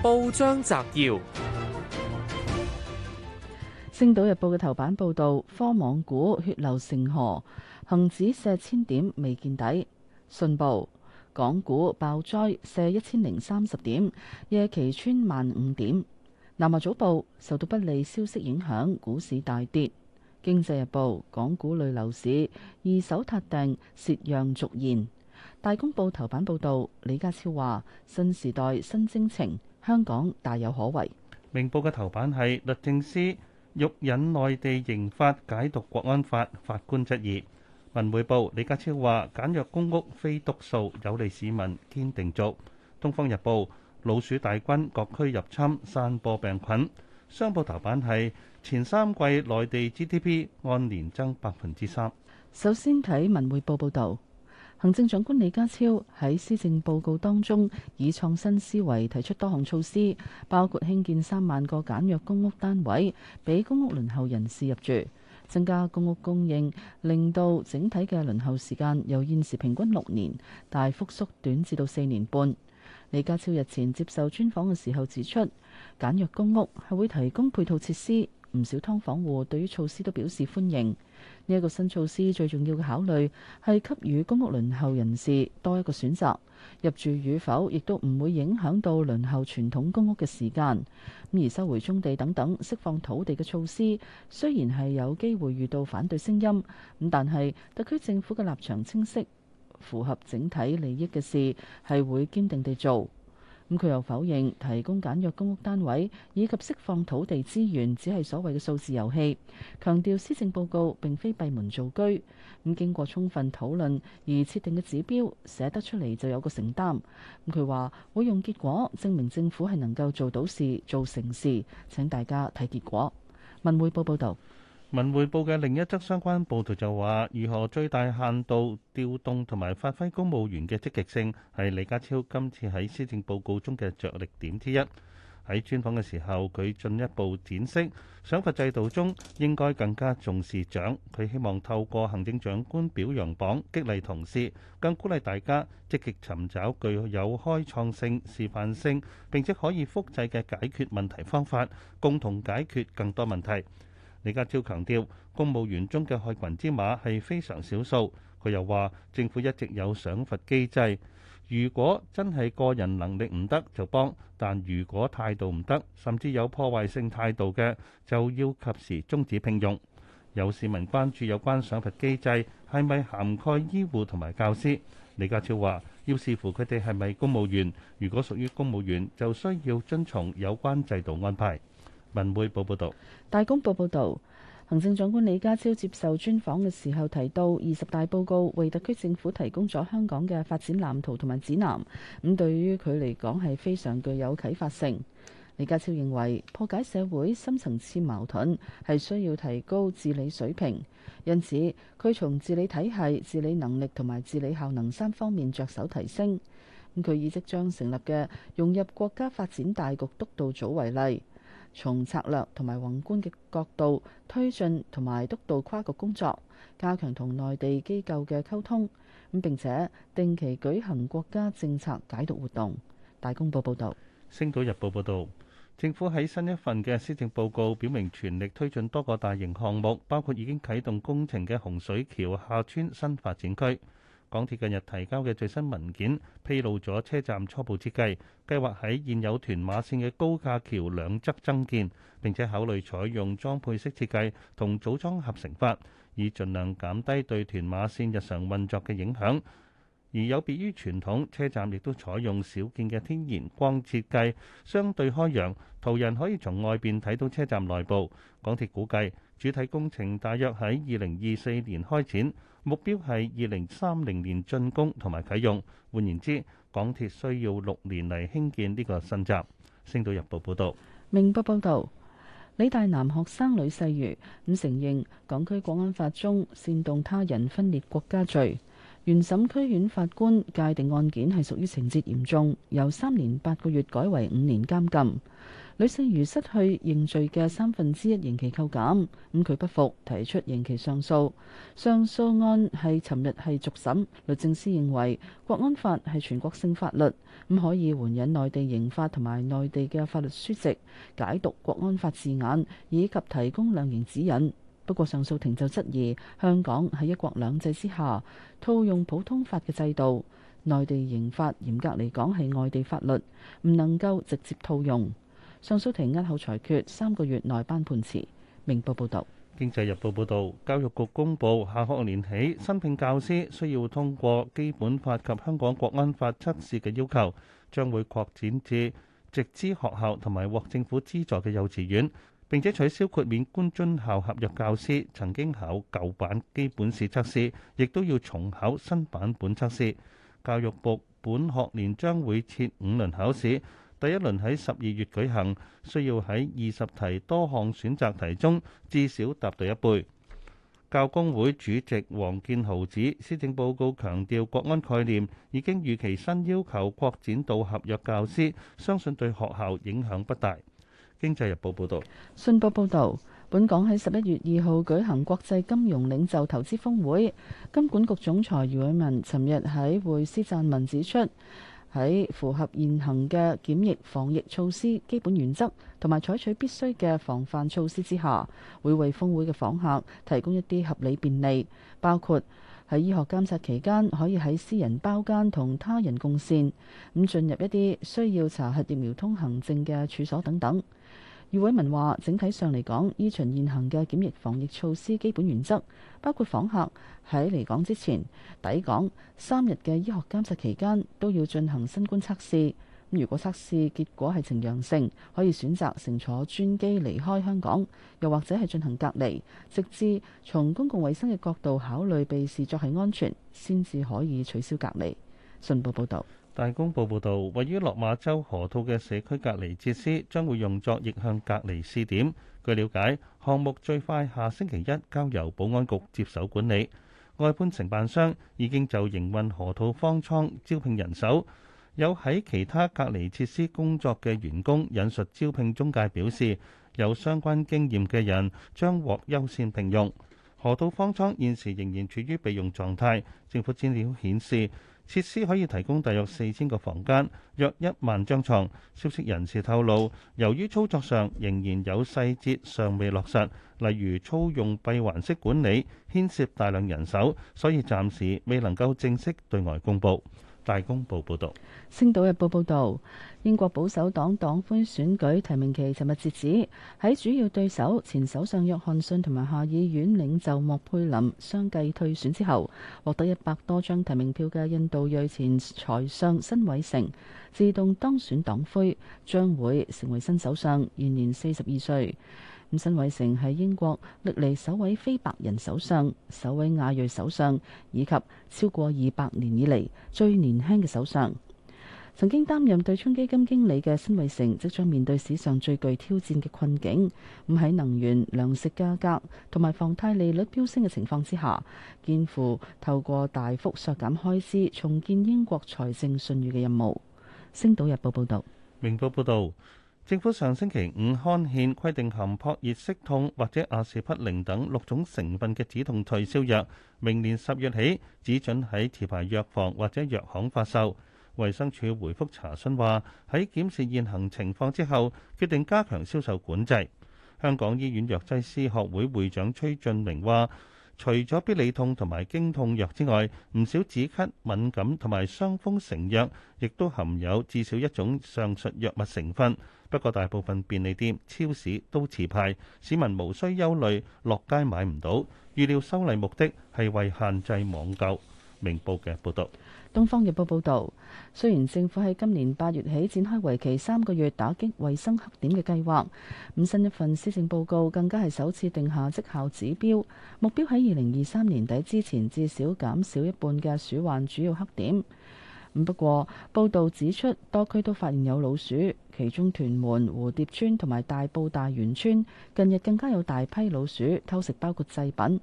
報章摘要：《星島日報》嘅頭版報道，科網股血流成河，恒指瀉千點未見底。信報：港股爆災瀉一千零三十點，夜期穿萬五點。南華早報受到不利消息影響，股市大跌。《經濟日報》：港股累樓市二手塌定，蝕讓續現。《大公報》頭版報道，李家超話：新時代新征程。香港大有可為。明報嘅頭版係律政司欲引內地刑法解讀國安法，法官質疑。文匯報，李家超話簡約公屋非築數，有利市民堅定做。東方日報，老鼠大軍各區入侵，散播病菌。商報頭版係前三季內地 GDP 按年增百分之三。首先睇文匯報報導。行政長官李家超喺施政報告當中，以創新思維提出多項措施，包括興建三萬個簡約公屋單位，俾公屋輪候人士入住，增加公屋供應，令到整體嘅輪候時間由現時平均六年大幅縮短至到四年半。李家超日前接受專訪嘅時候指出，簡約公屋係會提供配套設施，唔少劏房戶對於措施都表示歡迎。呢一個新措施最重要嘅考慮係給予公屋輪候人士多一個選擇，入住與否亦都唔會影響到輪候傳統公屋嘅時間。咁而收回棕地等等釋放土地嘅措施，雖然係有機會遇到反對聲音，咁但係特區政府嘅立場清晰，符合整體利益嘅事係會堅定地做。咁佢又否認提供簡約公屋單位以及釋放土地資源，只係所謂嘅數字遊戲，強調施政報告並非閉門造車，咁經過充分討論而設定嘅指標，寫得出嚟就有個承擔。咁佢話會用結果證明政府係能夠做到事做成事，請大家睇結果。文匯報報導。文匯報嘅另一則相關報道就話，如何最大限度調動同埋發揮公務員嘅積極性，係李家超今次喺施政報告中嘅着力點之一。喺專訪嘅時候，佢進一步展釋，賞罰制度中應該更加重視獎。佢希望透過行政長官表揚榜激勵同事，更鼓勵大家積極尋找具有開創性、示範性並且可以複製嘅解決問題方法，共同解決更多問題。李家超強調，公務員中嘅害群之馬係非常少數。佢又話，政府一直有賞罰機制，如果真係個人能力唔得就幫，但如果態度唔得，甚至有破壞性態度嘅，就要及時終止聘用。有市民關注有關賞罰機制係咪涵蓋醫護同埋教師？李家超話，要視乎佢哋係咪公務員，如果屬於公務員，就需要遵從有關制度安排。文匯報報道，大公報報道，行政長官李家超接受專訪嘅時候提到，二十大報告為特區政府提供咗香港嘅發展藍圖同埋指南。咁對於佢嚟講係非常具有啟發性。李家超認為破解社會深層次矛盾係需要提高治理水平，因此佢從治理體系、治理能力同埋治理效能三方面着手提升。佢以即將成立嘅融入國家發展大局督導組，組為例。從策略同埋宏觀嘅角度推進同埋督導跨國工作，加強同內地機構嘅溝通，咁並且定期舉行國家政策解讀活動。大公報報導，《星島日報》報導，政府喺新一份嘅施政報告表明，全力推進多個大型項目，包括已經啟動工程嘅洪水橋下村新發展區。港鐵近日提交嘅最新文件，披露咗車站初步設計，計劃喺現有屯馬線嘅高架橋兩側增建，並且考慮採用裝配式設計同組裝合成法，以盡量減低對屯馬線日常運作嘅影響。而有別於傳統車站，亦都採用少見嘅天然光設計，相對開揚，途人可以從外邊睇到車站內部。港鐵估計，主體工程大約喺二零二四年開展。目標係二零三零年竣工同埋啟用。換言之，港鐵需要六年嚟興建呢個新站。星島日報報道：「明報報道，理大男學生呂世瑜咁承認港區國安法中煽動他人分裂國家罪。原審區院法官界定案件係屬於情節嚴重，由三年八個月改為五年監禁。女性如失去認罪嘅三分之一刑期扣減，咁佢不服提出刑期上訴。上訴案係尋日係續審，律政司認為國安法係全國性法律，咁可以援引內地刑法同埋內地嘅法律書籍解讀國安法字眼，以及提供量刑指引。不過上訴庭就質疑香港喺一國兩制之下套用普通法嘅制度，內地刑法嚴格嚟講係外地法律，唔能夠直接套用。上訴庭押後裁決，三個月內班判詞。明報報道：經濟日報報道，教育局公佈下學年起，新聘教師需要通過基本法及香港國安法測試嘅要求，將會擴展至直資學校同埋獲政府資助嘅幼稚園，並且取消豁免官津校合約教師，曾經考舊版基本試測試，亦都要重考新版本測試。教育部本學年將會設五輪考試。第一輪喺十二月舉行，需要喺二十題多項選擇題中至少答對一半。教工會主席黃建豪指，施政報告強調國安概念已經預期新要求擴展到合約教師，相信對學校影響不大。經濟日報報導，信報報導，本港喺十一月二號舉行國際金融領袖投資峰會，金管局總裁余偉文尋日喺會司撰文指出。喺符合現行嘅檢疫防疫措施基本原則同埋採取必須嘅防範措施之下，會為峰會嘅訪客提供一啲合理便利，包括喺醫學監察期間可以喺私人包間同他人共膳，咁進入一啲需要查核疫苗通行證嘅處所等等。余偉文話：整體上嚟講，依循現行嘅檢疫防疫措施基本原則，包括訪客喺嚟港之前、抵港三日嘅醫學監察期間，都要進行新冠測試。咁如果測試結果係呈陽性，可以選擇乘坐專機離開香港，又或者係進行隔離，直至從公共衛生嘅角度考慮被視作係安全，先至可以取消隔離。信報報導。大公報報導，位於落馬洲河套嘅社區隔離設施將會用作逆向隔離試點。據了解，項目最快下星期一交由保安局接手管理。外判承辦商已經就營運河套方艙招聘人手。有喺其他隔離設施工作嘅員工引述招聘中介表示，有相關經驗嘅人將獲優先聘用。河套方艙現時仍然處於備用狀態。政府資料顯示，設施可以提供大約四千個房間，約一萬張床。消息人士透露，由於操作上仍然有細節尚未落實，例如操用閉環式管理，牽涉大量人手，所以暫時未能夠正式對外公佈。大公報報道，《星島日報》報道，英國保守黨黨魁選舉提名期尋日截止。喺主要對手前首相約翰遜同埋下議院領袖莫佩林相繼退選之後，獲得一百多張提名票嘅印度裔前財相辛偉成自動當選黨魁，將會成為新首相，現年四十二歲。咁辛偉誠喺英國歷嚟首位非白人首相、首位亞裔首相，以及超過二百年以嚟最年輕嘅首相。曾經擔任對沖基金經理嘅辛偉誠，即將面對史上最具挑戰嘅困境。咁喺能源、糧食價格同埋房貸利率飆升嘅情況之下，肩負透過大幅削減開支重建英國財政信譽嘅任務。《星島日報》報道，《明報》報道。政府上星期五刊憲，規定含撲熱息痛或者阿士匹靈等六種成分嘅止痛退燒藥，明年十月起只准喺持牌藥房或者藥行發售。衛生署回覆查詢話，喺檢視現行情況之後，決定加強銷售管制。香港醫院藥劑師學會會長崔俊明話。除咗必理痛同埋經痛藥之外，唔少止咳、敏感同埋傷風成藥，亦都含有至少一種上述藥物成分。不過，大部分便利店、超市都持牌，市民無需憂慮，落街買唔到。預料修例目的係為限制網購。明報嘅報導，《東方日報》報導，雖然政府喺今年八月起展開為期三個月打擊衞生黑點嘅計劃，咁新一份施政報告更加係首次定下績效指標，目標喺二零二三年底之前至少減少一半嘅鼠患主要黑點。咁不過，報導指出多區都發現有老鼠，其中屯門蝴蝶村同埋大埔大元村近日更加有大批老鼠偷食包括製品。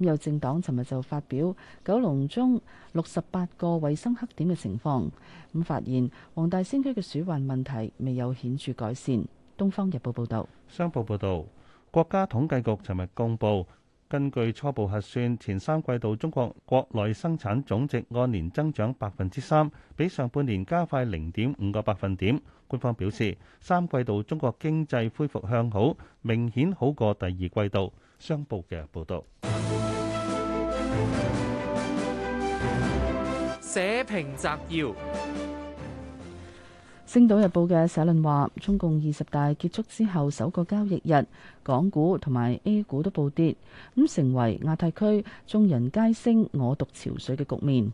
咁有政黨尋日就發表九龍中六十八個衞生黑點嘅情況，咁發現黃大仙區嘅鼠患問題未有顯著改善。《東方日報》報道。《商報》報道，國家統計局尋日公布，根據初步核算，前三季度中國國內生產總值按年增長百分之三，比上半年加快零點五個百分點。官方表示，三季度中國經濟恢復向好，明顯好過第二季度。報報《商報》嘅報導。社評摘要，《星島日報》嘅社論話：中共二十大結束之後，首個交易日，港股同埋 A 股都暴跌，咁成為亞太區眾人皆升我獨憔悴嘅局面。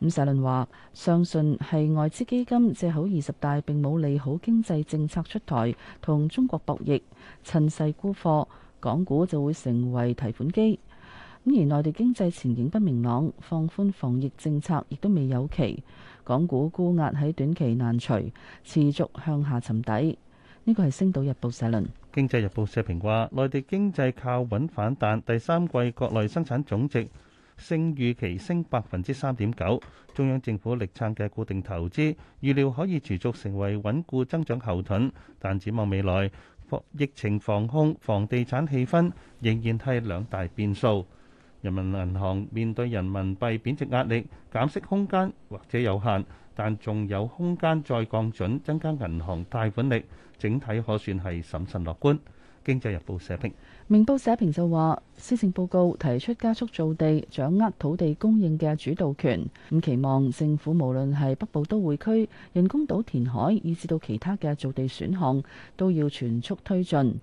咁社論話，相信係外資基金借口二十大並冇利好經濟政策出台，同中國博弈，趁勢沽貨，港股就會成為提款機。咁而內地經濟前景不明朗，放寬防疫政策亦都未有期，港股沽壓喺短期難除，持續向下沉底。呢個係《星島日報》社論，《經濟日報》社評話：內地經濟靠穩反彈，第三季國內生產總值勝預期升百分之三點九。中央政府力撐嘅固定投資預料可以持續成為穩固增長後盾，但展望未來，疫情防控、房地產氣氛仍然係兩大變數。人民銀行面對人民幣貶值壓力，減息空間或者有限，但仲有空間再降準，增加銀行貸款力，整體可算係審慎樂觀。經濟日報社評，明報社評就話，施政報告提出加速造地，掌握土地供應嘅主導權。咁期望政府無論係北部都會區、人工島填海，以至到其他嘅造地選項，都要全速推進。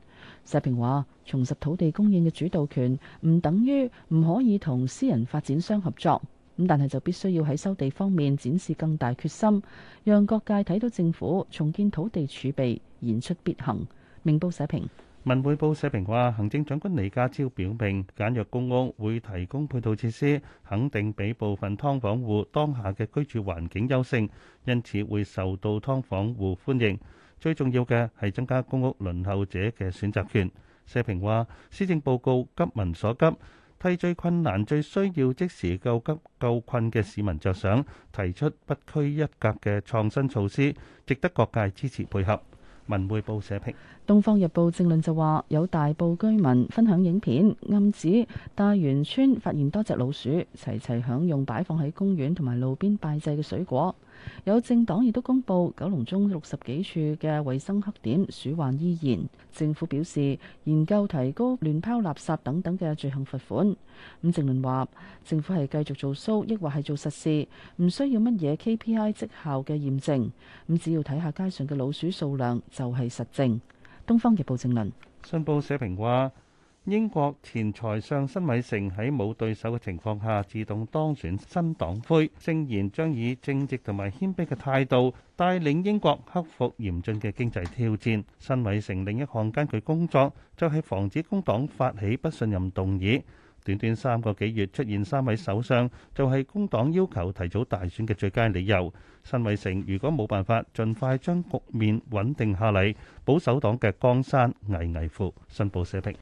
社評話，重拾土地供應嘅主導權，唔等於唔可以同私人發展商合作。咁但係就必須要喺收地方面展示更大決心，讓各界睇到政府重建土地儲備言出必行。明報社評。文匯報社評話,行政長官李家超表明,簡約公屋會提供配套設施,肯定比部分劏房戶當下嘅居住環境優勝,因此會受到劏房戶歡迎。最重要嘅係增加公屋輪候者嘅選擇權。社評話,施政報告急民所急,替最困難、最需要即時救急救困嘅市民着想,提出不拘一格嘅創新措施,值得各界支持配合。文匯報社評，《東方日報》正論就話：有大埔居民分享影片，暗指大元村發現多隻老鼠，齊齊享用擺放喺公園同埋路邊拜祭嘅水果。有政黨亦都公布九龍中六十幾處嘅衛生黑點鼠患依然。政府表示研究提高亂拋垃圾等等嘅罪行罰款。咁正論話政府係繼續做騷，抑或係做實事，唔需要乜嘢 KPI 績效嘅驗證，咁、嗯、只要睇下街上嘅老鼠數量就係實證。東方日報正論，商報社評話。英國前財相辛偉成喺冇對手嘅情況下自動當選新黨魁，聲言將以正直同埋謙卑嘅態度帶領英國克服嚴峻嘅經濟挑戰。辛偉成另一項艱巨工作就係防止工黨發起不信任動議。短短三個幾月出現三位首相，就係工黨要求提早大選嘅最佳理由。辛偉成如果冇辦法盡快將局面穩定下嚟，保守黨嘅江山危危乎。新報社評。